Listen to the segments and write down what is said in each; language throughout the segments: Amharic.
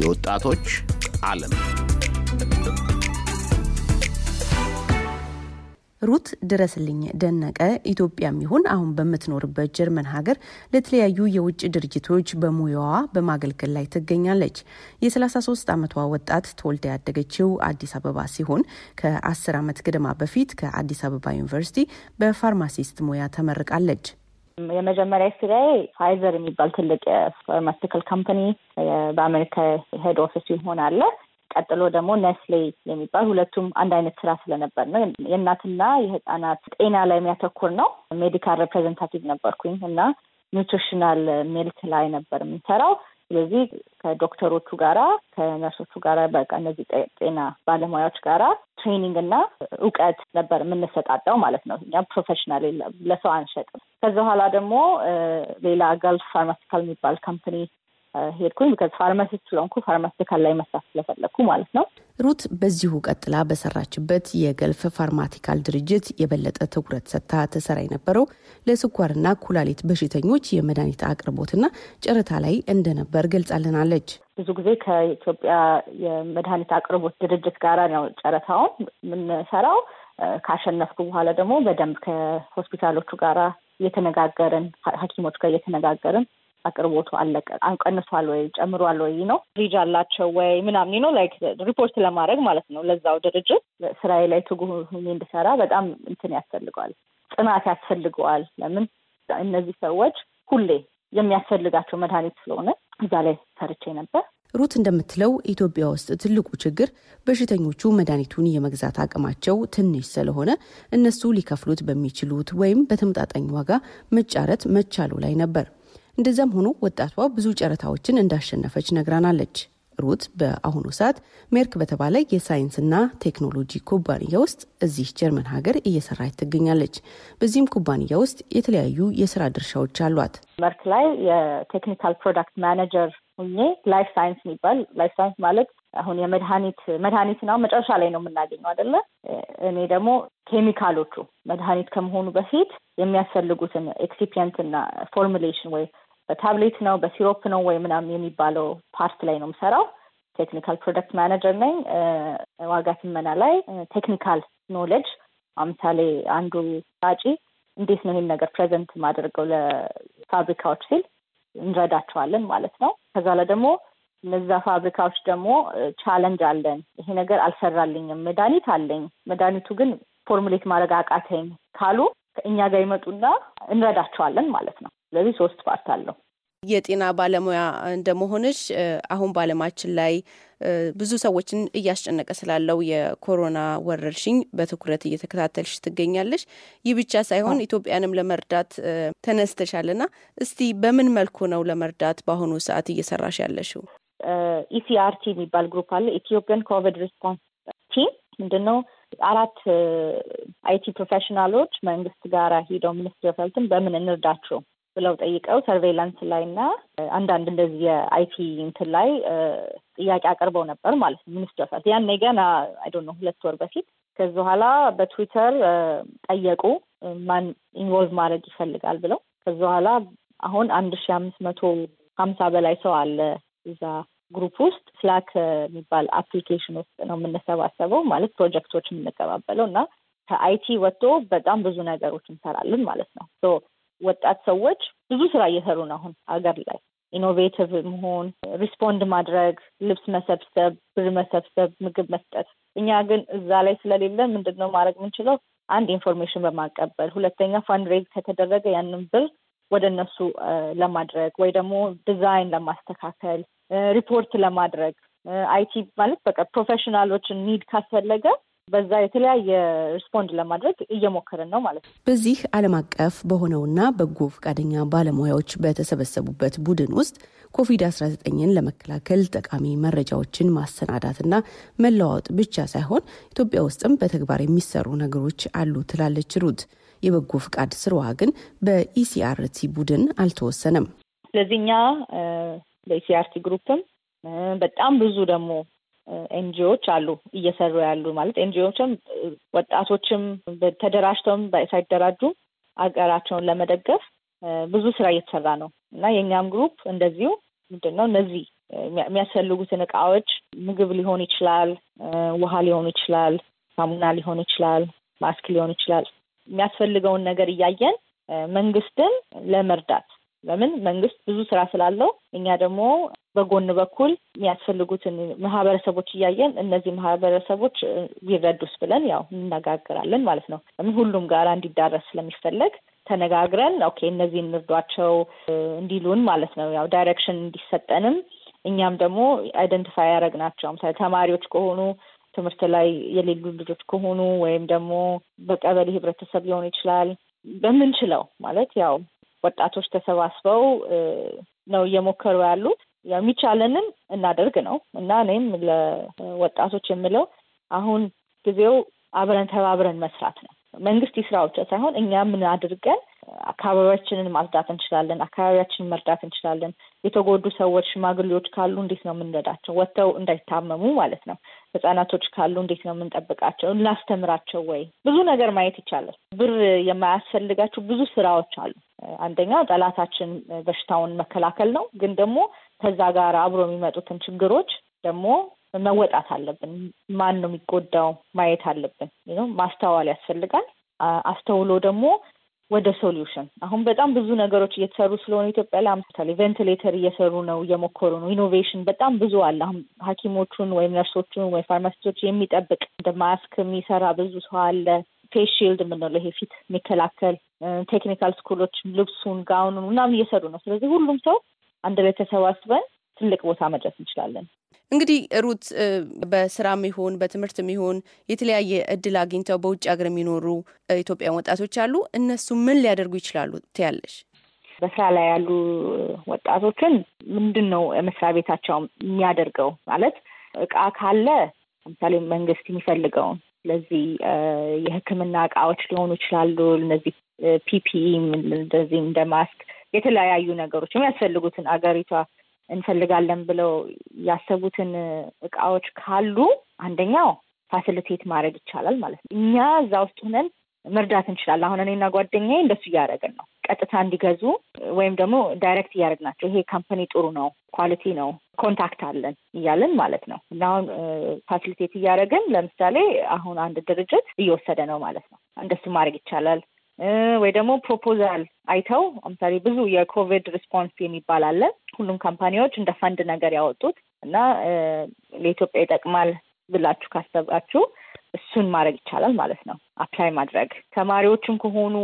የወጣቶች ዓለም ሩት ድረስልኝ ደነቀ ኢትዮጵያም ይሁን አሁን በምትኖርበት ጀርመን ሀገር ለተለያዩ የውጭ ድርጅቶች በሙያዋ በማገልገል ላይ ትገኛለች። የ33 ዓመቷ ወጣት ተወልዳ ያደገችው አዲስ አበባ ሲሆን ከ10 ዓመት ገደማ በፊት ከአዲስ አበባ ዩኒቨርሲቲ በፋርማሲስት ሙያ ተመርቃለች። የመጀመሪያ ስራዬ ፋይዘር የሚባል ትልቅ የፋርማስቲካል ካምፓኒ በአሜሪካ ሄድ ኦፊስ ይሆን አለ። ቀጥሎ ደግሞ ነስሌ የሚባል ሁለቱም አንድ አይነት ስራ ስለነበር ነው። የእናትና የህፃናት ጤና ላይ የሚያተኩር ነው። ሜዲካል ሪፕሬዘንታቲቭ ነበርኩኝ እና ኒውትሪሽናል ሚልክ ላይ ነበር የምንሰራው። ስለዚህ ከዶክተሮቹ ጋራ ከነርሶቹ ጋራ በቃ እነዚህ ጤና ባለሙያዎች ጋራ ትሬኒንግ እና እውቀት ነበር የምንሰጣጠው ማለት ነው። እኛም ፕሮፌሽናል ለሰው አንሸጥም። ከዚ በኋላ ደግሞ ሌላ ገልፍ ፋርማሲካል የሚባል ካምፕኒ ሄድኩኝ ከዚ ፋርማሲስት ስለሆንኩ ፋርማሲቲካል ላይ መስራት ስለፈለግኩ ማለት ነው። ሩት በዚሁ ቀጥላ በሰራችበት የገልፍ ፋርማቲካል ድርጅት የበለጠ ትኩረት ሰጥታ ትሰራ የነበረው ለስኳርና ኩላሊት በሽተኞች የመድኃኒት አቅርቦትና ጨረታ ላይ እንደነበር ገልጻልናለች። ብዙ ጊዜ ከኢትዮጵያ የመድኃኒት አቅርቦት ድርጅት ጋር ነው ጨረታውን የምንሰራው። ካሸነፍኩ በኋላ ደግሞ በደንብ ከሆስፒታሎቹ ጋር እየተነጋገርን ሐኪሞች ጋር እየተነጋገርን አቅርቦቱ አለቀ ቀንሷል ወይ ጨምሯል ወይ ነው ሪጅ አላቸው ወይ ምናምን ነው ላይክ ሪፖርት ለማድረግ ማለት ነው ለዛው ድርጅት ስራዬ ላይ ትጉ ሁኜ እንድሰራ በጣም እንትን ያስፈልገዋል፣ ጥናት ያስፈልገዋል። ለምን እነዚህ ሰዎች ሁሌ የሚያስፈልጋቸው መድኃኒት ስለሆነ እዛ ላይ ሰርቼ ነበር። ሩት እንደምትለው ኢትዮጵያ ውስጥ ትልቁ ችግር በሽተኞቹ መድኃኒቱን የመግዛት አቅማቸው ትንሽ ስለሆነ እነሱ ሊከፍሉት በሚችሉት ወይም በተመጣጣኝ ዋጋ መጫረት መቻሉ ላይ ነበር። እንደዚያም ሆኖ ወጣቷ ብዙ ጨረታዎችን እንዳሸነፈች ነግራናለች። ሩት በአሁኑ ሰዓት ሜርክ በተባለ የሳይንስና ቴክኖሎጂ ኩባንያ ውስጥ እዚህ ጀርመን ሀገር እየሰራች ትገኛለች። በዚህም ኩባንያ ውስጥ የተለያዩ የስራ ድርሻዎች አሏት። መርክ ላይ የቴክኒካል ፕሮዳክት ማኔጀር ሁኜ ላይፍ ሳይንስ የሚባል ላይፍ ሳይንስ ማለት አሁን የመድኃኒት መድኃኒት ነው መጨረሻ ላይ ነው የምናገኘው አይደለ? እኔ ደግሞ ኬሚካሎቹ መድኃኒት ከመሆኑ በፊት የሚያስፈልጉትን ኤክሲፒየንትና ፎርሙሌሽን ወይ በታብሌት ነው በሲሮፕ ነው ወይ ምናምን የሚባለው ፓርት ላይ ነው የምሰራው። ቴክኒካል ፕሮደክት ማናጀር ነኝ። ዋጋ ትመና ላይ ቴክኒካል ኖሌጅ አምሳሌ አንዱ ጣጪ እንዴት ነው ይህን ነገር ፕሬዘንት ማድርገው ለፋብሪካዎች ሲል እንረዳቸዋለን ማለት ነው። ከዛ ላይ ደግሞ እነዛ ፋብሪካዎች ደግሞ ቻለንጅ አለን። ይሄ ነገር አልሰራልኝም፣ መድኃኒት አለኝ፣ መድኃኒቱ ግን ፎርሙሌት ማድረግ አቃተኝ ካሉ ከእኛ ጋር ይመጡና እንረዳቸዋለን ማለት ነው። ስለዚህ ሶስት ፓርት አለው። የጤና ባለሙያ እንደመሆንሽ አሁን በዓለማችን ላይ ብዙ ሰዎችን እያስጨነቀ ስላለው የኮሮና ወረርሽኝ በትኩረት እየተከታተልሽ ትገኛለሽ። ይህ ብቻ ሳይሆን ኢትዮጵያንም ለመርዳት ተነስተሻልና እስቲ በምን መልኩ ነው ለመርዳት በአሁኑ ሰዓት እየሰራሽ ያለሽው? ኢሲአርቲ የሚባል ግሩፕ አለ። ኢትዮጵያን ኮቪድ ሪስፖንስ ቲም ምንድን ነው? አራት አይቲ ፕሮፌሽናሎች መንግስት ጋር ሂደው ሚኒስትሪ ፈልትን በምን እንርዳቸው ብለው ጠይቀው ሰርቬይላንስ ላይ እና አንዳንድ እንደዚህ የአይቲ እንትን ላይ ጥያቄ አቅርበው ነበር ማለት ነው። ሚኒስትር ኦፍ ያኔ ገና አይዶ ነው ሁለት ወር በፊት ከዚ በኋላ በትዊተር ጠየቁ ማን ኢንቮልቭ ማድረግ ይፈልጋል ብለው ከዚ በኋላ አሁን አንድ ሺ አምስት መቶ ሀምሳ በላይ ሰው አለ እዛ ግሩፕ ውስጥ ስላክ የሚባል አፕሊኬሽን ውስጥ ነው የምንሰባሰበው ማለት ፕሮጀክቶች የምንቀባበለው እና ከአይቲ ወጥቶ በጣም ብዙ ነገሮች እንሰራለን ማለት ነው። ወጣት ሰዎች ብዙ ስራ እየሰሩ ነው። አሁን አገር ላይ ኢኖቬቲቭ መሆን፣ ሪስፖንድ ማድረግ፣ ልብስ መሰብሰብ፣ ብር መሰብሰብ፣ ምግብ መስጠት። እኛ ግን እዛ ላይ ስለሌለ ምንድን ነው ማድረግ የምንችለው? አንድ ኢንፎርሜሽን በማቀበል ሁለተኛ ፋንድሬዝ ከተደረገ ያንን ብር ወደ እነሱ ለማድረግ ወይ ደግሞ ዲዛይን ለማስተካከል ሪፖርት ለማድረግ አይቲ ማለት በቃ ፕሮፌሽናሎችን ኒድ ካስፈለገ በዛ የተለያየ ሪስፖንድ ለማድረግ እየሞከርን ነው ማለት ነው። በዚህ ዓለም አቀፍ በሆነውና በጎ ፈቃደኛ ባለሙያዎች በተሰበሰቡበት ቡድን ውስጥ ኮቪድ-19ን ለመከላከል ጠቃሚ መረጃዎችን ማሰናዳትና መለዋወጥ ብቻ ሳይሆን ኢትዮጵያ ውስጥም በተግባር የሚሰሩ ነገሮች አሉ ትላለች ሩት። የበጎ ፍቃድ ስርዋ ግን በኢሲአርቲ ቡድን አልተወሰነም። ስለዚህ እኛ በኢሲአርቲ ግሩፕም በጣም ብዙ ደግሞ ኤንጂኦዎች አሉ እየሰሩ ያሉ ማለት ኤንጂኦዎችም ወጣቶችም ተደራጅተውም ሳይደራጁ አገራቸውን ለመደገፍ ብዙ ስራ እየተሰራ ነው እና የእኛም ግሩፕ እንደዚሁ ምንድን ነው እነዚህ የሚያስፈልጉትን እቃዎች ምግብ ሊሆን ይችላል፣ ውሃ ሊሆን ይችላል፣ ሳሙና ሊሆን ይችላል፣ ማስክ ሊሆን ይችላል የሚያስፈልገውን ነገር እያየን መንግስትን ለመርዳት ለምን መንግስት ብዙ ስራ ስላለው፣ እኛ ደግሞ በጎን በኩል የሚያስፈልጉትን ማህበረሰቦች እያየን እነዚህ ማህበረሰቦች ይረዱስ ብለን ያው እንነጋግራለን ማለት ነው። ለምን ሁሉም ጋራ እንዲዳረስ ስለሚፈለግ ተነጋግረን ኦኬ እነዚህ እንርዷቸው እንዲሉን ማለት ነው። ያው ዳይሬክሽን እንዲሰጠንም እኛም ደግሞ አይደንቲፋይ ያደረግናቸው ተማሪዎች ከሆኑ ትምህርት ላይ የሌሉ ልጆች ከሆኑ ወይም ደግሞ በቀበሌ ህብረተሰብ ሊሆን ይችላል በምንችለው ማለት ያው ወጣቶች ተሰባስበው ነው እየሞከሩ ያሉት። የሚቻለንን እናደርግ ነው እና እኔም ለወጣቶች የምለው አሁን ጊዜው አብረን ተባብረን መስራት ነው። መንግስት ይስራ ብቻ ሳይሆን እኛም አድርገን አካባቢያችንን ማጽዳት እንችላለን፣ አካባቢያችንን መርዳት እንችላለን። የተጎዱ ሰዎች ሽማግሌዎች ካሉ እንዴት ነው የምንረዳቸው? ወጥተው እንዳይታመሙ ማለት ነው። ህጻናቶች ካሉ እንዴት ነው የምንጠብቃቸው? እናስተምራቸው ወይ? ብዙ ነገር ማየት ይቻላል። ብር የማያስፈልጋቸው ብዙ ስራዎች አሉ። አንደኛ ጠላታችን በሽታውን መከላከል ነው። ግን ደግሞ ከዛ ጋር አብሮ የሚመጡትን ችግሮች ደግሞ መወጣት አለብን። ማን ነው የሚጎዳው ማየት አለብን። ማስተዋል ያስፈልጋል። አስተውሎ ደግሞ ወደ ሶሉሽን አሁን በጣም ብዙ ነገሮች እየተሰሩ ስለሆነ ኢትዮጵያ ላይ ምሳሌ ቬንቲሌተር እየሰሩ ነው፣ እየሞከሩ ነው። ኢኖቬሽን በጣም ብዙ አለ። አሁን ሐኪሞቹን ወይም ነርሶቹን ወይም ፋርማሲቶች የሚጠብቅ እንደ ማስክ የሚሰራ ብዙ ሰው አለ። ፌስ ሺልድ የምንለው ይሄ ፊት የሚከላከል ቴክኒካል ስኩሎች ልብሱን፣ ጋውኑን ምናምን እየሰሩ ነው። ስለዚህ ሁሉም ሰው አንድ ላይ ተሰባስበን ትልቅ ቦታ መድረስ እንችላለን። እንግዲህ ሩት በስራም ይሁን በትምህርት ይሁን የተለያየ እድል አግኝተው በውጭ ሀገር የሚኖሩ ኢትዮጵያን ወጣቶች አሉ። እነሱ ምን ሊያደርጉ ይችላሉ ትያለሽ? በስራ ላይ ያሉ ወጣቶችን ምንድን ነው መስሪያ ቤታቸው የሚያደርገው ማለት እቃ ካለ ለምሳሌ መንግስት የሚፈልገውን ለዚህ የሕክምና እቃዎች ሊሆኑ ይችላሉ። እነዚህ ፒፒኢ እንደዚህ እንደ ማስክ የተለያዩ ነገሮች የሚያስፈልጉትን አገሪቷ እንፈልጋለን ብለው ያሰቡትን እቃዎች ካሉ አንደኛው ፋሲሊቴት ማድረግ ይቻላል ማለት ነው። እኛ እዛ ውስጥ ሆነን መርዳት እንችላለን። አሁን እኔና ጓደኛዬ እንደሱ እያደረግን ነው። ቀጥታ እንዲገዙ ወይም ደግሞ ዳይሬክት እያደረግናቸው ይሄ ካምፓኒ ጥሩ ነው፣ ኳሊቲ ነው፣ ኮንታክት አለን እያለን ማለት ነው። እና አሁን ፋሲሊቴት እያደረግን ለምሳሌ አሁን አንድ ድርጅት እየወሰደ ነው ማለት ነው። እንደሱ ማድረግ ይቻላል። ወይ ደግሞ ፕሮፖዛል አይተው ለምሳሌ ብዙ የኮቪድ ሪስፖንስ የሚባል አለ። ሁሉም ካምፓኒዎች እንደ ፈንድ ነገር ያወጡት እና ለኢትዮጵያ ይጠቅማል ብላችሁ ካሰባችሁ እሱን ማድረግ ይቻላል ማለት ነው። አፕላይ ማድረግ ተማሪዎችም ከሆኑ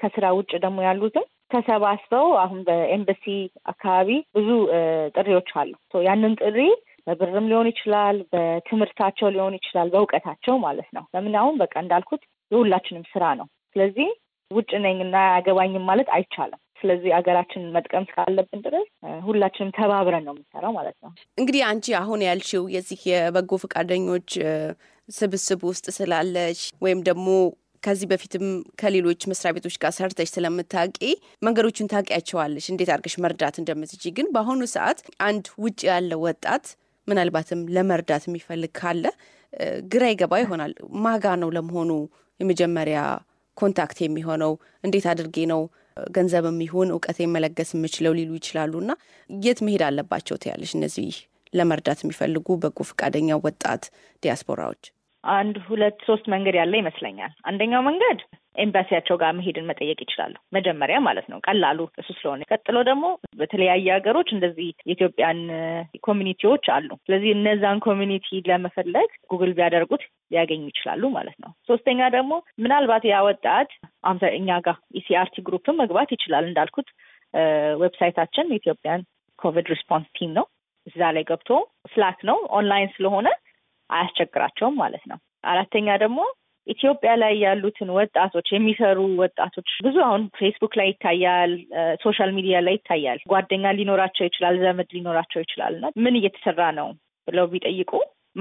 ከስራ ውጭ ደግሞ ያሉትን ተሰባስበው አሁን በኤምበሲ አካባቢ ብዙ ጥሪዎች አሉ። ያንን ጥሪ በብርም ሊሆን ይችላል፣ በትምህርታቸው ሊሆን ይችላል፣ በእውቀታቸው ማለት ነው። ለምን አሁን በቃ እንዳልኩት የሁላችንም ስራ ነው። ስለዚህ ውጭ ነኝ እና አያገባኝም ማለት አይቻልም። ስለዚህ አገራችን መጥቀም እስካለብን ድረስ ሁላችንም ተባብረን ነው የምንሰራው ማለት ነው። እንግዲህ አንቺ አሁን ያልሽው የዚህ የበጎ ፈቃደኞች ስብስብ ውስጥ ስላለች ወይም ደግሞ ከዚህ በፊትም ከሌሎች መስሪያ ቤቶች ጋር ሰርተች ስለምታቂ መንገዶችን ታቂያቸዋለች፣ እንዴት አድርገሽ መርዳት እንደምትች። ግን በአሁኑ ሰዓት አንድ ውጭ ያለ ወጣት ምናልባትም ለመርዳት የሚፈልግ ካለ ግራ ይገባ ይሆናል። ማጋ ነው ለመሆኑ የመጀመሪያ ኮንታክት የሚሆነው እንዴት አድርጌ ነው ገንዘብ የሚሆን እውቀት መለገስ የምችለው ሊሉ ይችላሉና የት መሄድ አለባቸው ትያለሽ? እነዚህ ለመርዳት የሚፈልጉ በጎ ፈቃደኛ ወጣት ዲያስፖራዎች አንድ ሁለት ሶስት መንገድ ያለ ይመስለኛል። አንደኛው መንገድ ኤምባሲያቸው ጋር መሄድን መጠየቅ ይችላሉ። መጀመሪያ ማለት ነው ቀላሉ እሱ ስለሆነ፣ ቀጥሎ ደግሞ በተለያየ ሀገሮች እንደዚህ የኢትዮጵያን ኮሚኒቲዎች አሉ። ስለዚህ እነዛን ኮሚኒቲ ለመፈለግ ጉግል ቢያደርጉት ሊያገኙ ይችላሉ ማለት ነው። ሶስተኛ ደግሞ ምናልባት ያ ወጣት አምሳ እኛ ጋር ኢሲአርቲ ግሩፕን መግባት ይችላል። እንዳልኩት ዌብሳይታችን የኢትዮጵያን ኮቪድ ሪስፖንስ ቲም ነው። እዛ ላይ ገብቶ ስላክ ነው ኦንላይን ስለሆነ አያስቸግራቸውም ማለት ነው። አራተኛ ደግሞ ኢትዮጵያ ላይ ያሉትን ወጣቶች የሚሰሩ ወጣቶች ብዙ አሁን ፌስቡክ ላይ ይታያል፣ ሶሻል ሚዲያ ላይ ይታያል። ጓደኛ ሊኖራቸው ይችላል፣ ዘመድ ሊኖራቸው ይችላል እና ምን እየተሰራ ነው ብለው ቢጠይቁ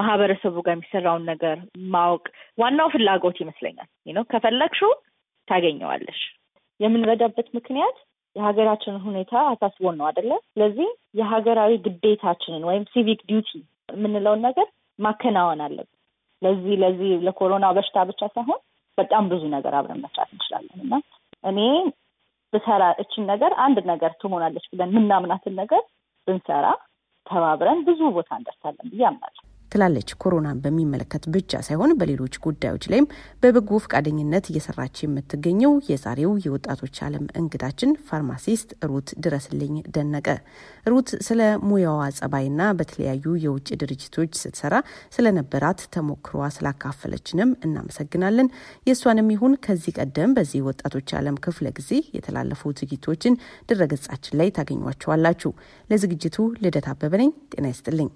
ማህበረሰቡ ጋር የሚሰራውን ነገር ማወቅ ዋናው ፍላጎት ይመስለኛል። ነው ከፈለግሽው ታገኘዋለሽ። የምንረዳበት ምክንያት የሀገራችንን ሁኔታ አሳስቦን ነው አደለ? ስለዚህ የሀገራዊ ግዴታችንን ወይም ሲቪክ ዲዩቲ የምንለውን ነገር ማከናወን አለብን። ለዚህ ለዚህ ለኮሮና በሽታ ብቻ ሳይሆን በጣም ብዙ ነገር አብረን መስራት እንችላለን እና እኔ ብሰራ እችን ነገር አንድ ነገር ትሆናለች ብለን ምናምናትን ነገር ብንሰራ ተባብረን ብዙ ቦታ እንደርሳለን ብዬ አምናለሁ። ትላለች። ኮሮናን በሚመለከት ብቻ ሳይሆን በሌሎች ጉዳዮች ላይም በበጎ ፈቃደኝነት እየሰራች የምትገኘው የዛሬው የወጣቶች ዓለም እንግዳችን ፋርማሲስት ሩት ድረስልኝ ደነቀ። ሩት ስለ ሙያዋ ጸባይና በተለያዩ የውጭ ድርጅቶች ስትሰራ ስለነበራት ተሞክሯ ስላካፈለችንም እናመሰግናለን። የእሷንም ይሁን ከዚህ ቀደም በዚህ ወጣቶች ዓለም ክፍለ ጊዜ የተላለፉ ዝግጅቶችን ድረገጻችን ላይ ታገኟቸዋላችሁ። ለዝግጅቱ ልደት አበበ ነኝ። ጤና ይስጥልኝ።